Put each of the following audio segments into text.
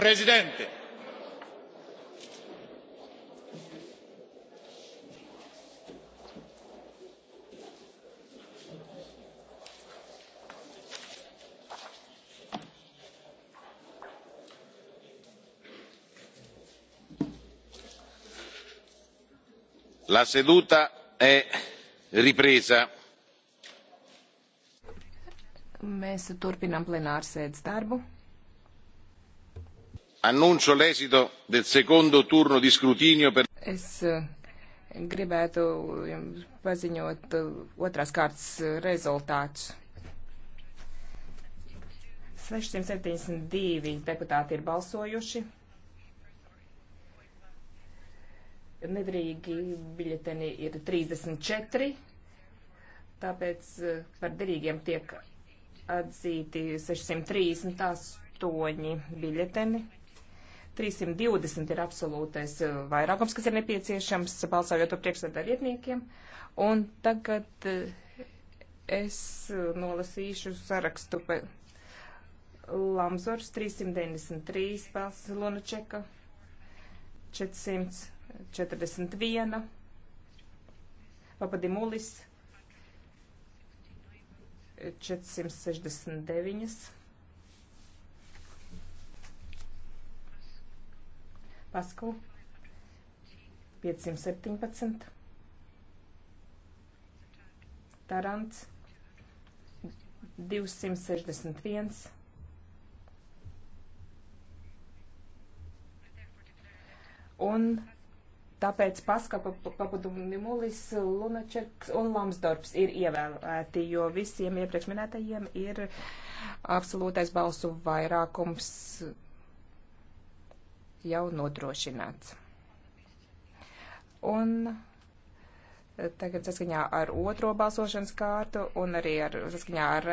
presidente la seduta è ripresa. mēs turpinām plenārsēdes darbu annuncio l'esito del secondo turno di scrutinio per. Es eh, gribētu jums paziņot eh, otrās kārtas eh, rezultātus. 672 deputāti ir balsojuši. Nedrīgi biļeteni ir 34, tāpēc par derīgiem tiek atzīti 638 biļeteni. 320 ir absolūtais eh, vairākums, kas ir nepieciešams, balsojot par priekšsēdā vietniekiem. Un tagad eh, es eh, nolasīšu sarakstu. Lamzors 393 balsis, Lunačeka 441, Papadimulis 469. Pasku 517. Tarants 261. Un tāpēc Paskapa Papadumulis, Lunačeks un Lamsdorps ir ievēlēti, jo visiem iepriekš minētajiem ir absolūtais balsu vairākums jau nodrošināts. Un eh, tagad saskaņā ar otro balsošanas kārtu un arī ar, saskaņā ar,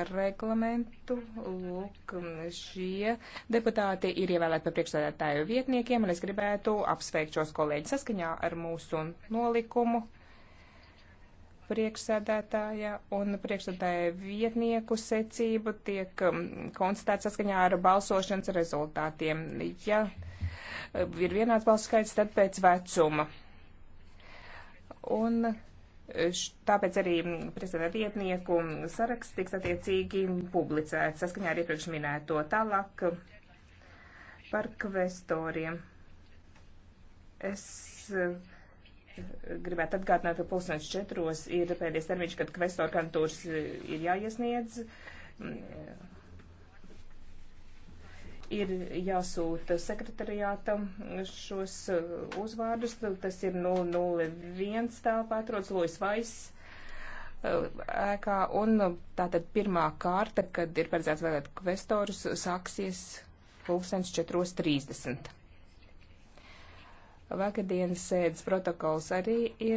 ar reglamentu, lūk, šie deputāti ir ievēlēti par priekšstādātāju vietniekiem, un es gribētu apsveikt šos kolēģus saskaņā ar mūsu nolikumu priekšsēdētāja un priekšsēdētāja vietnieku secību tiek um, konstatēts saskaņā ar balsošanas rezultātiem. Ja um, ir vienāds balsu skaits, tad pēc vecuma. Un um, tāpēc arī priekšsēdētāja vietnieku saraksts tiks attiecīgi publicēts saskaņā ar iepriekš minēto. Tālāk par kvestoriem. Es Gribētu atgādināt, ka pusnes četros ir pēdējais termiņš, kad kvestor kantūrs eh, ir jāiesniedz. Ir jāsūta sekretariātam šos eh, uzvārdus. Tas ir 001 telpā atrodas Lois Vaiss eh, ēkā. Un nu, tātad pirmā kārta, kad ir paredzēts vēlēt kvestorus, sāksies pulkstens 4.30. Vakardienas sēdes protokols arī ir